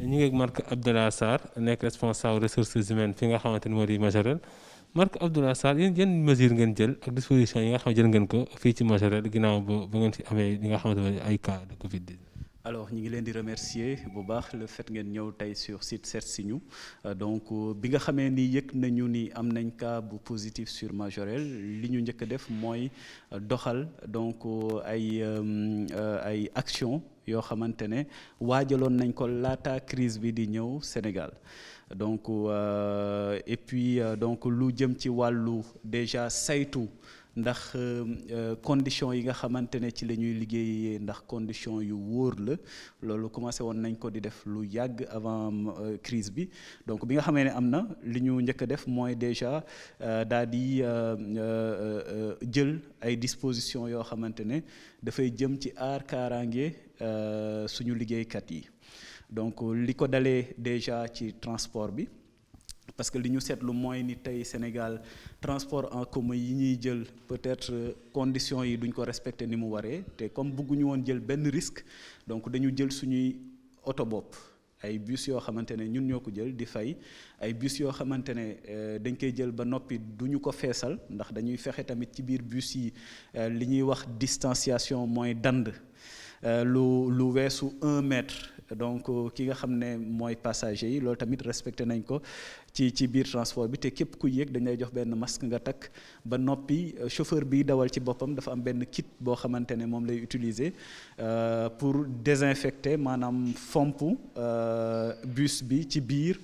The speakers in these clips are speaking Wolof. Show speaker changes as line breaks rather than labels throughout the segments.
ñu ngi ak Marc Abdallah nekk responsable ressources humaines fi nga xamante ni moo di Majorel Marc Abdallah Sarr yéen mesure ngeen jël ak disposition yi nga xam jël ngeen ko fii ci Majorel ginnaaw ba ba ngeen fi amee li nga xamante ne ay cas de Covid 19.
alors ñu ngi leen di remercier bu baax le fait ngeen ñëw tey sur site si ñu euh, donc euh, bi nga xamee ni yëg nañu ni am nañ cas bu positif sur Majorel li ñu njëkk a def mooy euh, doxal donc ay ay action yoo xamante ne waajaloon nañ ko laata crise bi di ñëw Sénégal donc euh, et puis donc lu jëm ci wàllu déjà saytu ndax euh, euh, condition yi nga xamante ne ci la ñuy liggéeyee ndax condition yu wóor la loolu commencé woon nañ ko di def lu yàgg avant euh, crise bi donc bi nga xamee ne am na li ñu njëkk a def mooy déjà daal di jël ay dispositions yoo xamante ne dafay jëm ci aar kaaraange suñu liggéeykat yi donc li ko dalee déjà ci transport bi parce que li ñu seetlu mooy ni tey Sénégal transport en commun yi ñuy jël peut-être euh, conditions yi duñ ko respecter ni mu waree te comme bëgguñu woon jël benn risque donc dañu jël suñuy oto bopp ay bus yoo xamante ne ñun ñoo ko jël di fay ay bus yoo xamante ne euh, dañ koy jël ba noppi du ñu ko feesal ndax dañuy fexe tamit ci biir bus yi euh, li ñuy wax distanciation mooy dand lu lu weesu un mètre donc euh, ki nga xam ne mooy passager yi loolu tamit respecté nañ ko ci ci biir transport bi te képp ku yéeg dañ lay jox benn masque nga takk ba noppi euh, chauffeur bi dawal ci boppam dafa am benn kit boo xamante ne moom lay utiliser euh, pour désinfecter maanaam fomp bus bi ci biir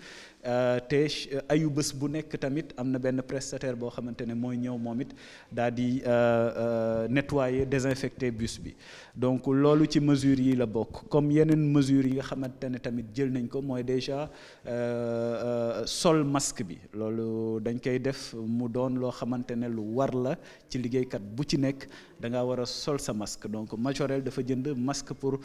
Euh, te euh, ayu bés bu nekk tamit am na benn prestataire boo xamante ne mooy ñëw moom it daal di euh, nettoyer désinfecter bus bi donc loolu ci mesures yi la bokk comme yeneen mesures yi nga xamante ne tamit jël nañ ko mooy déjà sol masque bi loolu dañ koy def mu doon loo xamante ne lu war la ci liggéeykat bu ci nekk da ngaa war a sol sa masque donc Majorel dafa jënd masque pour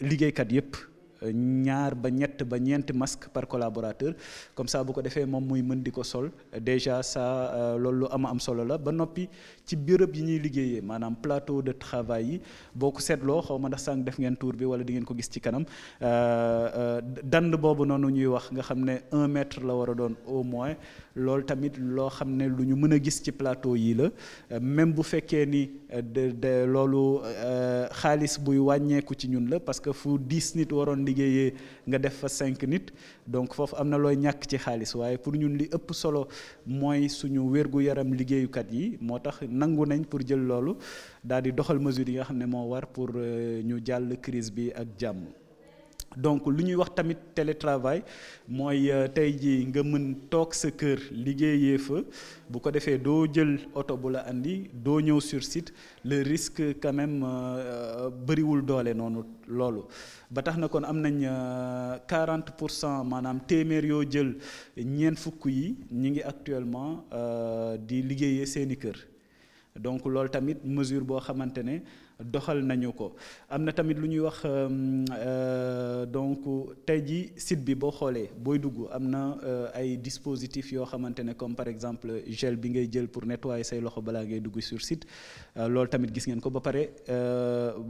liggéeykat yépp ñaar ba ñett ba ñeenti masque par collaborateur comme ça bu ko defee moom muy mën di ko sol déjà ça euh, loolu lu am am solo la ba noppi ci béréb yi ñuy liggéeyee maanaam plateau de travail yi boo ko seetloo xaw ma ndax sànq def ngeen tour bi wala di ngeen ko gis ci kanam. Euh, euh, dand boobu noonu ñuy wax nga xam ne un mètre la war a doon au moins loolu tamit loo xam ne lu ñu mën a gis ci plateau yii la même bu fekkee ni euh, de de loolu euh, xaalis buy wàññeeku ci ñun la parce que fu dix nit waroon liggéeyee nga def fa cinq nit donc foofu am na looy ñàkk ci xaalis waaye pour ñun li ëpp solo mooy suñu wérgu yaram liggéeyukat yi moo tax nangu nañ pour jël loolu daal di doxal mesures yi nga xam ne moo war pour euh, ñu jàll crise bi ak jàmm donc lu ñuy wax tamit télétravail mooy euh, tey jii nga mën toog sa kër liggéeyee fa bu ko defee doo jël oto bu la andi doo ñëw sur site le risque quand même euh, euh, bëriwul doole noonu loolu ba tax na kon am nañ 40 pour cent maanaam téeméer yoo jël ñeent fukk yi ñu ngi actuellement di liggéeyee seeni kër donc loolu tamit mesure boo xamante ne doxal nañu ko am na tamit lu ñuy wax euh, euh, donc tey ji site bi boo xoolee booy dugg am na euh, ay dispositifs yoo xamante ne comme par exemple gel bi ngay jël pour nettoyer say loxo balaa ngay dugg sur site loolu tamit gis ngeen ko ba pare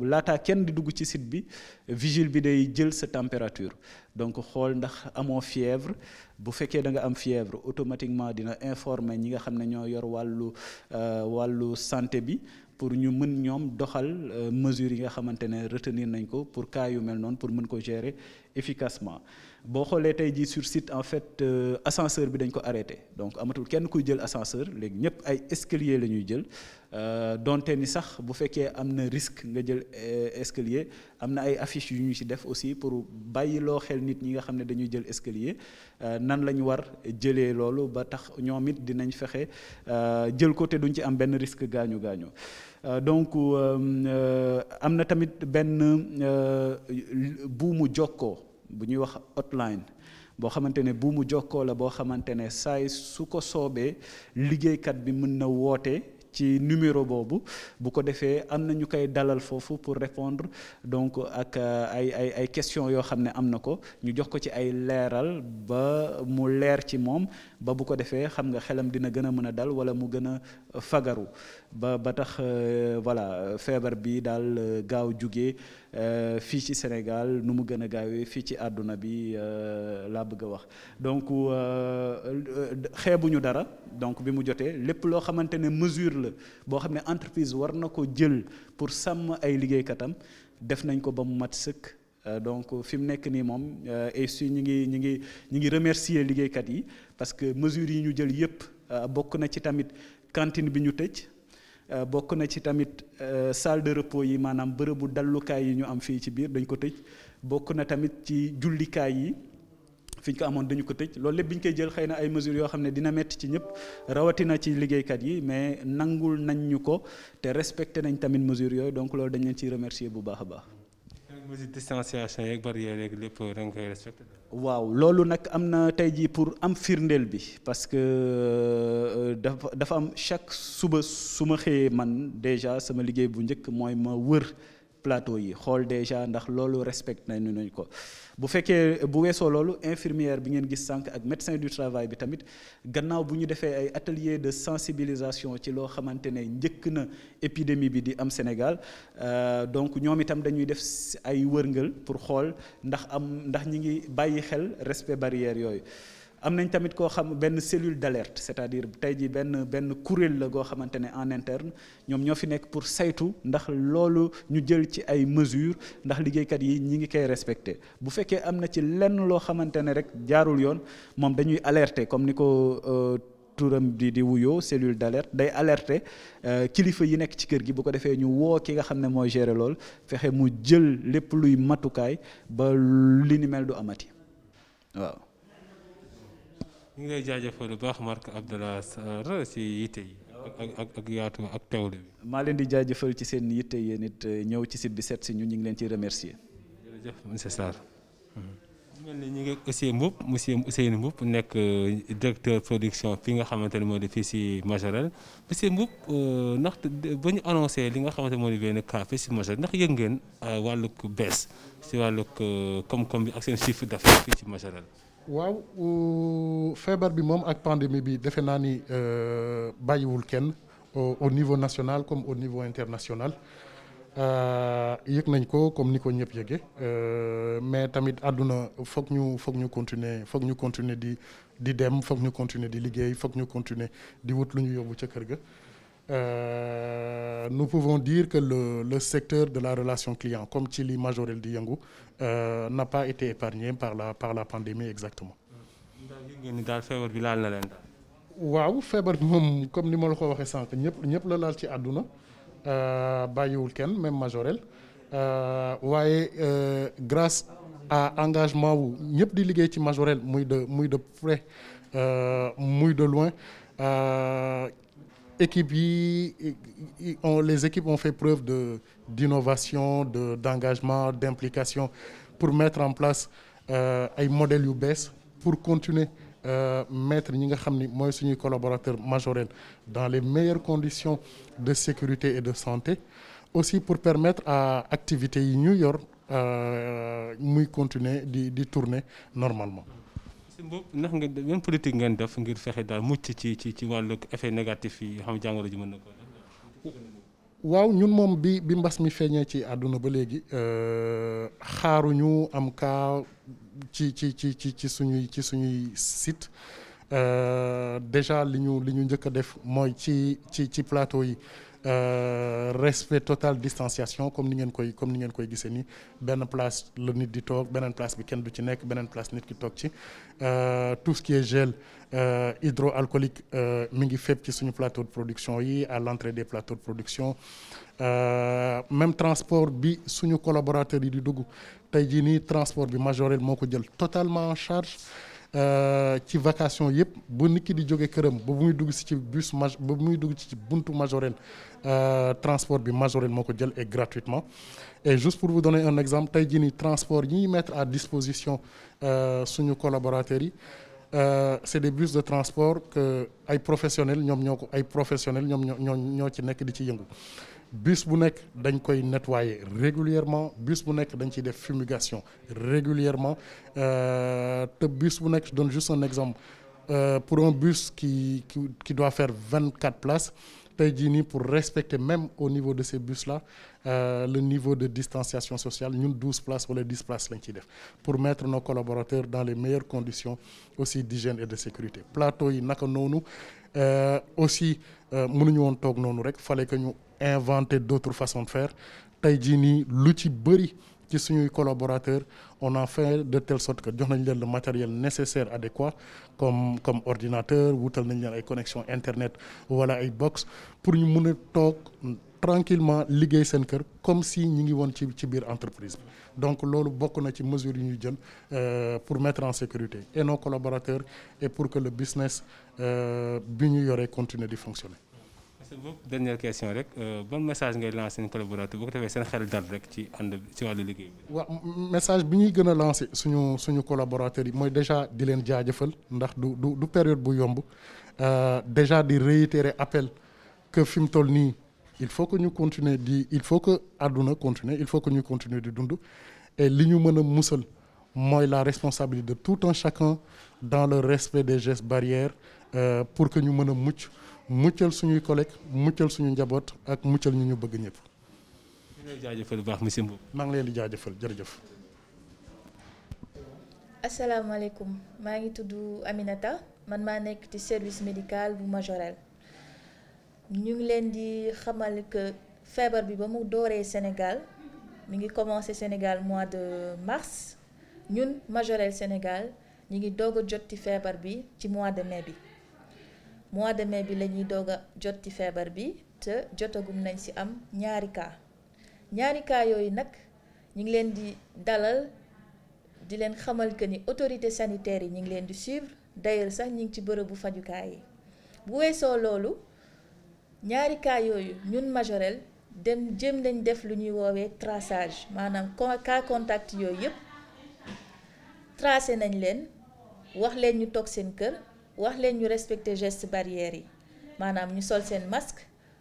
laataa kenn di dugg ci site bi vigile bi day jël sa température donc xool ndax amoo fièvre bu fekkee da nga am fièvre automatiquement dina informer ñi nga xam ne ñoo yor wàllu wàllu santé bi pour ñu mën ñoom doxal euh, mesures yi nga xamante ne retenir nañ ko pour cas yu mel noonu pour mën ko gérer efficacement boo xoolee tey jii sur site en fait euh, ascenseur bi dañ ko arrêté donc amatul kenn kuy jël ascenseur léegi ñëpp ay escalier la ñuy jël euh, donte ni sax bu fekkee am na risque nga jël euh, escalier am na ay affiches yu ñu ci def aussi pour bàyyi loo xel nit ñi nga xam ne dañuy jël escalier nan la ñu war jëlee loolu ba tax ñoom it dinañ fexe jël ko te duñ ci am benn risque gaañu gaañu donc am na tamit benn bu mu jokkoo. bu ñuy wax hotline boo xamante ne bu mu jokkoo la boo xamante ne saay su ko soobee liggéeykat bi mën na woote ci numéro boobu bu ko defee am na ñu koy dalal foofu pour répondre donc ak euh, ay ay ay questions yoo xam ne am na ko ñu jox ko ci ay leeral ba mu leer ci moom ba bu ko defee xam nga xelam dina gën a mën a dal wala mu gën a fagaru ba ba tax euh, voilà feebar bi daal euh, gaaw jóge Euh, fii ci Sénégal nu mu gën a gaawee fii ci àdduna bi euh, laa bëgg a wax donc euh, xeebuñu dara donc bi mu jotee lépp loo xamante ne mesure la boo xam ne entreprise war na ko jël pour sàmm ay liggéeykatam def nañ ko ba mu mat sëkk. donc fi mu nekk nii moom et si ñu ngi ñu ngi ñu ngi remercier liggéeykat yi parce que mesures yi ñu jël yépp bokk na ci tamit cantine bi ñu tëj. Euh, bokk na ci tamit euh, salle de repos yi maanaam bërëbu dallukaay yi ñu am fii ci biir dañu ko tëj bokk na tamit ci jullikaay yi fi ñu ko amoon dañu ko tëj loolu lépp bi ñu koy jël xëy na ay mesures yoo xam ne dina metti ci ñëpp rawatina ci liggéeykat yi mais nangul nañ ñu ko te respecté nañ tamit mesures yooyu donc loolu dañ leen ciy remercier bu baax a baax.
mesure distanciation yeeg barrière yeeg lépp da waaw
loolu nag am na tey jii pour am firndeel bi parce que euh, dafa dafa am chaque suba su ma xëyee man déjà sama liggéey bu njëkk mooy ma wër. plateau yi xool déjà ndax loolu respecte nañu nañ ko bu fekkee bu weesoo loolu infirmière bi ngeen gis sànq ak médecin du travail bi tamit gannaaw bu ñu defee ay atelier de sensibilisation ci loo xamante ne njëkk na épidémie bi di am Sénégal euh, donc ñoom itam dañuy def ay wërngël pour xool ndax am ndax ñi ngi bàyyi xel respect barrière yooyu am nañ tamit koo xam benn cellule d'alerte c'est-à-dire tey jii benn benn kuréel la goo xamante ne en interne ñoom ñoo fi nekk pour saytu ndax loolu ñu jël ci ay mesures ndax liggéeykat yi ñi ngi koy respecté bu fekkee am na ci lenn loo xamante ne rek jaarul yoon moom dañuy alerter comme ni ko euh, turam di diwu wuyoo cellule d'alerte day alerter euh, kilifa yi nekk ci kër gi bu ko defee ñu woo ki nga xam ne mooy gérer lool fexe mu jël lépp luy matukaay ba li ni du amati
ñu ngi lay jaajëfal baax mark Abdallah Sarr ci yitte yi ak ak ak yaatu ak teewlu bi.
maa leen di jaajëfal ci seen yitte yéen it ñëw ci site bi si ñun ñu ngi leen ciy remercier. jërëjëf monsieur Sarr.
mel ni ñu ngi aussi Mboup monsieur Ousseynou Mboup nekk euh, directeur production fi nga xamante ne moo di fii si Majorel monsieur Mboup euh, ndax ba ñu annoncé li nga xamante moo di benn cas fii si Majorel ndax yëg ngeen euh, wàllug bees si wàllug koom-koom bi ak seen chiffre d'affaires fii ci Majorel.
waaw feebar bi moom ak pandémie bi defe naa ni euh, bàyyiwul kenn au niveau national comme au niveau international euh, yëg nañ ko comme ni ko ñëpp yëge euh, mais tamit àdduna foog ñu foog ñu continuer foog ñu continuer di di dem foog ñu continuer di liggéey foog ñu continuer di wut lu ñu yóbbu ca kër ga. Euh, nous pouvons dire que le, le secteur de la relation client comme ci li Majorel di yëngu euh, n'a pas été épargné par la la pandémie exactement.
daal feebar bi laal na leen
waaw feebar bi moom comme ni ma la ko waxee sànq ñëpp ñëpp la laal ci àdduna euh, bàyyiwul kenn même Majorel euh, waaye euh, grâce à engagement wu ñëpp di liggéey ci Majorel muy de muy de près muy de loin. équipe yi on les équipes ont fait preuve de d'innovation de d'engagement d'implication pour mettre en place euh, ay modèles yu bees pour continuer euh, mettre ñi nga xam ni mooy suñuy collaborateurs majorels dans les meilleures conditions de sécurité et de santé aussi pour permettre à activités yi ñu yor euh, muy continuer di di tourner normalement
boobu ndax nga def yan politique ngeen def ngir fexe daal mucc ci ci ci wàllu effet négatif yi xam jàngoro ji mën na ko
waaw ñun moom bi bi mbas mi feeñee ci àdduna ba léegi euh, xaaruñu am kaa ci ci ci ci ci suñuy ci suñuy site euh, déjà li ñu li ñu njëkk a def mooy ci ci ci plateau yi Euh, respect total distanciation comme ni ngeen koy comme ni ngeen koy gisee ni benn place la nit di toog beneen place bi kenn du ci nekk beneen place nit ki toog ci euh, tout ce e est gel euh, hydroalcoolique mi ngi fépp ci suñu plateau de production yi à l'entrée des plateaux de production même transport bi suñu collaborateurs yi di dugg tey jii nii transport bi majorel moo ko jël totalement en charge Euh, ci vacation yëpp bu nit di jóge këram ba bu muy dugg si ci bus ma ba muy dugg ci buntu Majorel euh, transport bi Majorel moo ko jël et gratuitement et juste pour vous donner un exemple tey jii nii transport yi ñuy mettre à disposition euh, suñu collaborateurs yi c'est des bus de transport que ay professionnel ñoom ñoo ko ay professionnels ñoom ñoo ñoo ñoo ci nekk di ci yëngu. bus bu nekk dañ koy nettoyer régulièrement bus bu nekk dañ ciy def fumigation régulièrement euh, te bus bu nekk je donne exemple euh, pour un bus qui qui qui doit faire vingt quatre places tey jii nii pour respecter même au niveau de ces bus là euh, le niveau de distanciation sociale ñun douze places wala dix places lañ ci def pour mettre no collaborateurs dans les meilleures conditions aussi d'hygiène et de sécurité plateau yi naka noonu euh, aussi mënuñu woon toog noonu rek fallait que ñu. inventer d'autres façons de faire tey jii nii lu ci bëri ci suñuy collaborateur on a fait de tell sorte que jox nañ leen le matériel nécessaire adéquat comme comme ordinateur wutal nañ leen ay connexion internet wala ay box pour ñu mun a toog tranquillement liggéey seen kër comme si ñi ngi woon ci ci biir entreprise bi donc loolu bokk na ci mesure yi ñu jël euh, pour mettre en sécurité et nos collaborateurs et pour que le business euh, bi ñu yoree continuer di fonctionner
parce que boobu dernière question rek euh, ban message ngay lancer seen collaborateur bu ko defee seen xel dal rek ci ànd ci wàllu liggéey
bi. message bi ñuy gën a lancer suñu suñu collaborateurs yi mooy déjà di leen jaajëfal ndax du du du période bu yomb euh, déjà di réitérer appel que fi mu toll nii il faut que ñu continuer di il faut que àdduna continuer il faut que ñu continuer di dund et li ñu mën a musal mooy la responsabilité de tout un chacun dans le respect des gestes barrières euh, pour que ñu mën a mucc. muccal suñuy collègues muccal suñu njaboot ak muccal ñu ñu bëgg ñëpp.
ngi jaajëfal bu baax
monsieur Mbow. maa ngi leen di jaajëfal jërëjëf.
asalaamaaleykum maa ngi tudd Aminata man maa nekk ci service médical bu Majorel ñu ngi leen di xamal que feebar bi ba mu dooree Sénégal mu ngi commencé Sénégal mois de mars ñun Majorel Sénégal ñu ngi doog a jot ci feebar bi ci mois de mai bi. mois de mais bi la ñuy doog jot ci feebar bi te jotagum nañ ci am ñaari cas ñaari cas yooyu nag ñu ngi leen di dalal di leen xamal que ni autorité sanitaire yi ñu ngi leen di suivre d'ailleurs sax ñu ngi ci bërëbu fajukaay yi bu weesoo loolu ñaari cas yooyu ñun majoreel dem jëm nañ def lu ñuy woowee traçage maanaam cas contact yooyu yépp tracé nañ leen wax leen ñu toog seen kër. wax leen ñu respecter gestes barrières yi maanaam ñu sol seen masque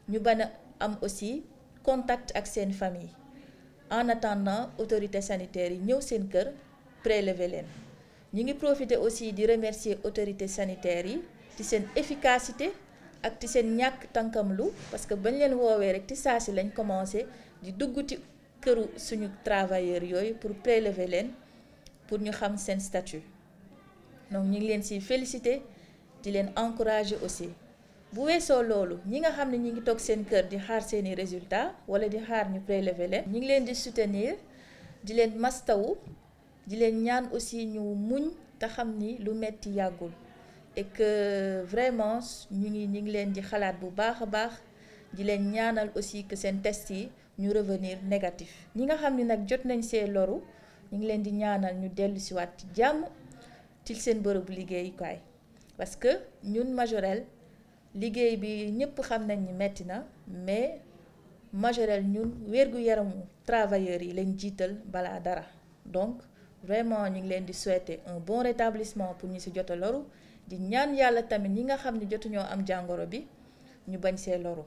ñu bañ a am aussi contact ak seen famille en attendant autorité sanitaire yi ñëw seen kër prélever leen ñu ngi profiter aussi di remercier autorité sanitaire yi ci seen efficacité ak ci seen ñàkk lu parce que bañ leen woowee rek ci saa si lañ commencé di dugg ci këru suñu travailleurs yooyu pour prélever leen pour ñu xam seen statut donc ñu ngi leen ci féliciter di leen encourager aussi bu weesoo loolu ñi nga xam ne ñi ngi toog seen kër di xaar seeni résultat wala di xaar ñu prélever leen ñi ngi leen di soutenir di leen mastawu di leen ñaan aussi ñu muñ te xam ni lu metti yàggul et que vraiment ñu ngi ñi ngi leen di xalaat bu baax a baax di leen ñaanal aussi que seen test yi ñu revenir négatif ñi nga xam ni nag jot nañ see loru ñu ngi leen di ñaanal ñu dellu siwaat ci jàmm til seen bërëbu liggéeyukaay parce que ñun Majorel liggéey bi ñëpp xam nañ ni metti na mais Majorel ñun wérgu yaramu travailleurs yi lañ jiital balaa dara donc vraiment ñu ngi leen di souhaiter un bon rétablissement pour ñu ci jot loru di ñaan yàlla tamit ñi nga xam ne jotuñoo am jàngoro bi ñu bañ see loru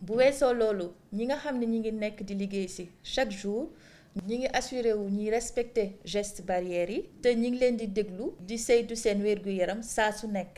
bu weesoo loolu ñi nga xam ne ñi ngi nekk di liggéey ci chaque jour. ñi ngi assuré wu ñuy respecté geste barrières yi te ñi ngi leen di déglu di saytu seen wér gu yaram saa su nekk